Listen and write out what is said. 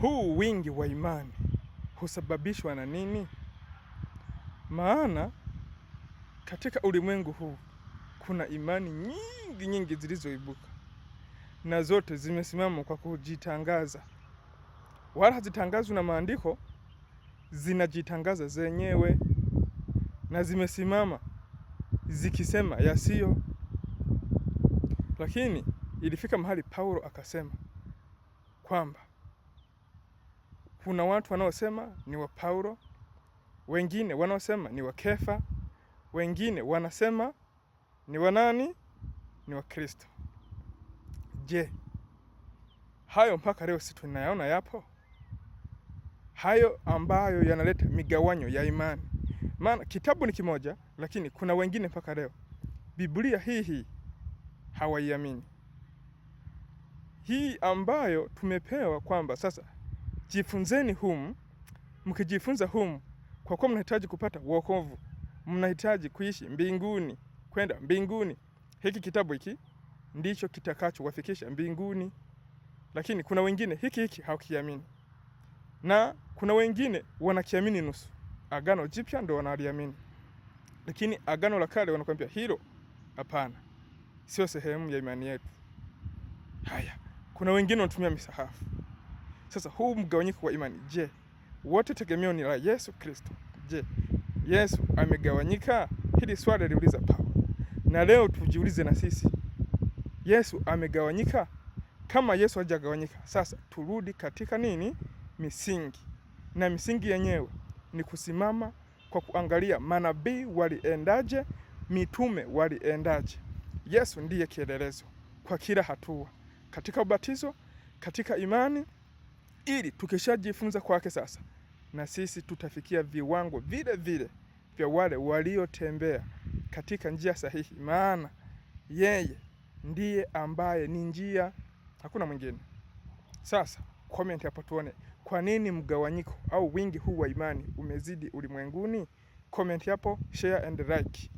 Huu wingi wa imani husababishwa na nini? Maana katika ulimwengu huu kuna imani nyingi nyingi zilizoibuka na zote zimesimama kwa kujitangaza, wala hazitangazwi na maandiko, zinajitangaza zenyewe na zimesimama zikisema yasiyo. Lakini ilifika mahali Paulo akasema kwamba kuna watu wanaosema ni wa Paulo, wengine wanaosema ni wa Kefa, wengine wanasema ni wa nani? Ni wa Kristo. Je, hayo mpaka leo si tunayaona yapo? Hayo ambayo yanaleta migawanyo ya imani. Maana kitabu ni kimoja, lakini kuna wengine mpaka leo Biblia hii hii hawaiamini, hii ambayo tumepewa kwamba sasa jifunzeni humu, mkijifunza humu, kwa kuwa mnahitaji kupata wokovu, mnahitaji kuishi mbinguni, kwenda mbinguni. Hiki kitabu hiki ndicho kitakachowafikisha mbinguni. Lakini kuna wengine hiki hiki hawakiamini, na kuna wengine wanakiamini nusu. Agano Jipya ndo wanaliamini, lakini Agano la Kale wanakuambia hilo hapana, sio sehemu ya imani yetu. Haya, kuna wengine wanatumia misahafu sasa huu mgawanyiko wa imani, je, wote tegemeo ni la Yesu Kristo? Je, Yesu amegawanyika? Hili swali aliuliza Paulo, na leo tujiulize na sisi, Yesu amegawanyika? Kama Yesu hajagawanyika, sasa turudi katika nini, misingi. Na misingi yenyewe ni kusimama kwa kuangalia manabii waliendaje, mitume waliendaje. Yesu ndiye kielelezo kwa kila hatua, katika ubatizo, katika imani ili tukishajifunza kwake sasa, na sisi tutafikia viwango vile vile vya wale waliotembea katika njia sahihi, maana yeye ndiye ambaye ni njia, hakuna mwingine. Sasa comment hapo tuone kwa nini mgawanyiko au wingi huu wa imani umezidi ulimwenguni. Comment hapo, share and like.